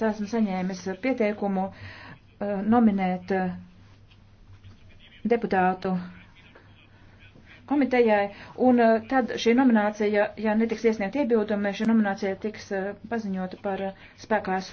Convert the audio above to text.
Es esmu saņēmis pieteikumu eh, nominēt eh, deputātu komitejai, un eh, tad šī nominācija, ja netiks iesniegt iebildumi, šī nominācija tiks paziņota par spēkā esot.